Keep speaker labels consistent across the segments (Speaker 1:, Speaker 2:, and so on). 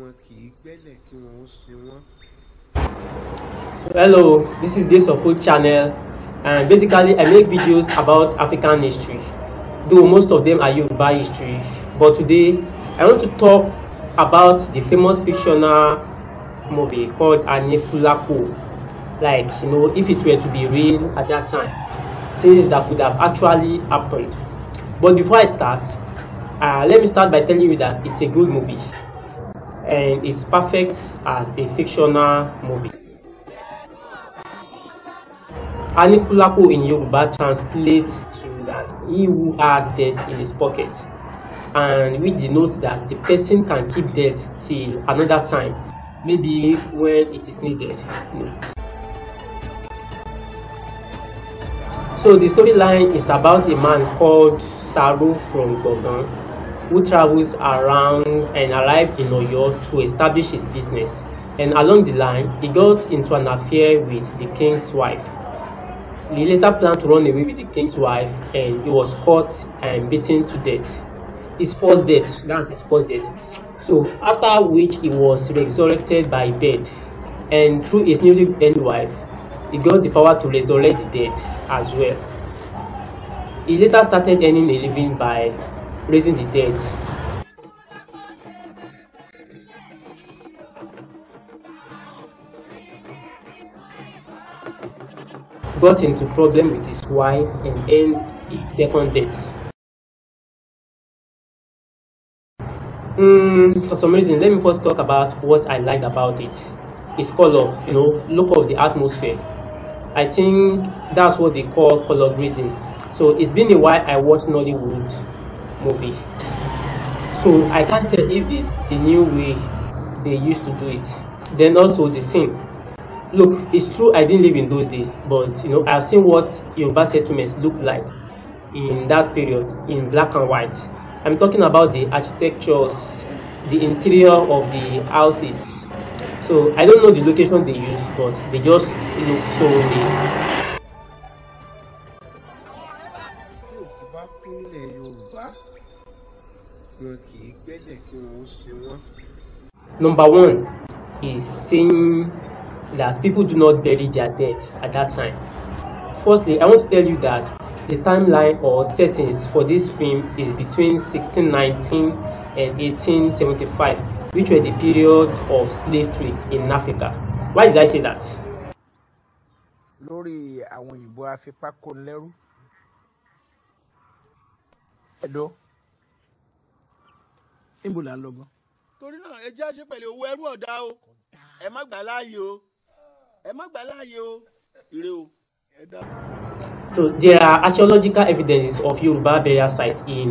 Speaker 1: wọn kì í gbẹ́lẹ̀ kí wọ́n ó sin wọ́n. So hello, this is Days of Food channel and basically I make videos about African history though most of them are Yoruba history but today I want to talk about the famous fictional movie called Anikulapo like you know if it were to be real at that time things that could have actually happened but before I start uh, let me start by telling you that it's a good movie and eh, it's perfect as a fictional movie. Anikulapo in Yoruba translates to that he who has death in his pocket and which denotes that the person can keep death till another time, maybe when it is needed. No. So the storyline is about a man called Saru from Gordon who travels around and arrived in Oyo to establish his business. And along the line, he got into an affair with the king's wife. He later planned to run away with the king's wife and he was caught and beaten to death. His first death, that's his first death. So after which he was resurrected by death. And through his newly born wife, he got the power to resurrect the dead as well. He later started earning a living by raising the dead. Got into problem with his wife and then his second date. Mm, for some reason, let me first talk about what I liked about it. Its color, you know, look of the atmosphere. I think that's what they call color grading. So it's been a while I watched Nollywood movie so i can't tell if this the new way they used to do it then also the scene look it's true i didn't live in those days but you know i've seen what yoruba settlements look like in that period in black and white i'm talking about the architectures the interior of the houses so i don't know the location they used but they just look so real wọn kì í gbẹ́lẹ̀ kí wọ́n ó sin wọ́n. Number one is saying that people do not bury their dead at that time. Firstly, I want to tell you that the timeline or settings for this film is between 1619 and 1875, which were the period of slavery in Africa. Why did I say that? lórí àwọn òyìnbó afipákónilẹ́rú. ẹ̀dọ́ níbo là ń lọ gan. torí náà ẹ jẹ́ ṣe pẹ̀lú owó ẹrú ọ̀dà o ẹ má gbà láàyè o ẹ má gbà láàyè o ire o. So there are archaeological evidence of Yoruba burial sites in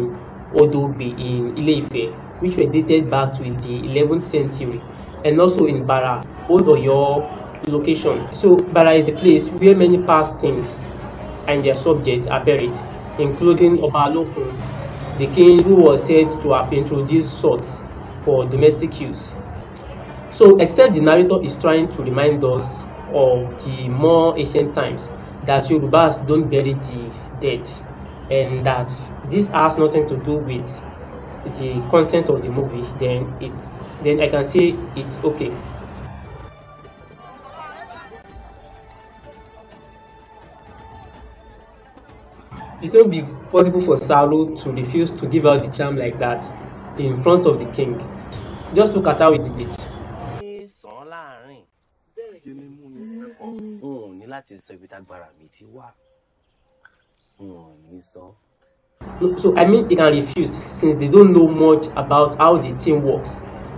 Speaker 1: Odogbe in ile which were dated back to the 11th century, and also in Bara, Old Oyo location. So Bara is the place where many past things and their subjects are buried, including Oba Olokun, The king who was said to have introduced salt for domestic use. So, except the narrator is trying to remind us of the more ancient times that Yorubas don't bury the dead and that this has nothing to do with the content of the movie, then it's then I can say it's okay. it won't be possible for Saulo to refuse to give out the charm like that in front of the king. Just look at how he did it. So I mean he can refuse since they don't know much about how the thing works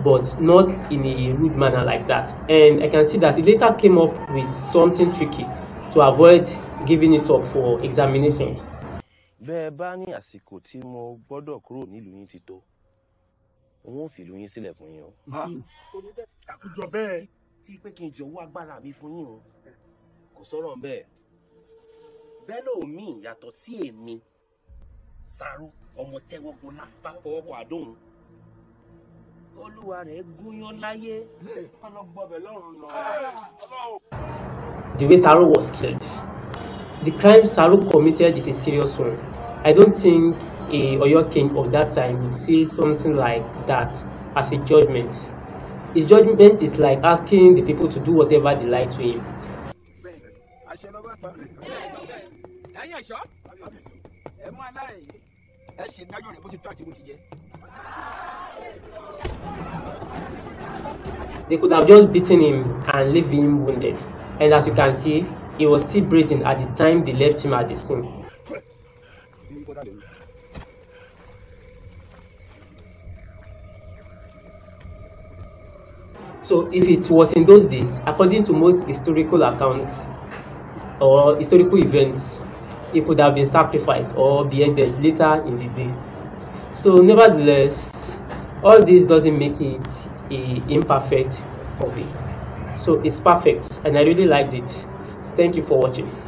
Speaker 1: but not in a rude manner like that and I can see that he later came up with something tricky to avoid giving it up for examination bẹ́ẹ̀ bá ní àsìkò tí mo gbọ́dọ̀ kúrò nílùú yín ti tó n ó fìlú yín sílẹ̀ fún yín o. àkùjọ bẹ́ẹ̀. tí pé kí n jọ̀wọ́ agbára mi fún yín o kò sọ̀rọ̀ bẹ́ẹ̀ bẹ́ẹ̀ lómi yàtọ̀ sí èmi sàrú ọmọ tẹ́wọ́gun lápá fọwọ́kọ̀ àdóhùn olúwa rẹ̀ gúnyán láyé ọlọ́gbọ́bẹ̀ lọ́rùn lọ. The way Saru was killed. The crime Saru committed is a serious one. I don't think a Oyo king of that time would say something like that as a judgment. His judgment is like asking the people to do whatever they like to him. They could have just beaten him and leave him wounded. And as you can see, he was still breathing at the time they left him at the scene. So if it was in those days, according to most historical accounts or historical events, it could have been sacrificed or beheaded later in the day. So nevertheless, all this doesn't make it a imperfect movie. So it's perfect and I really liked it. Thank you for watching.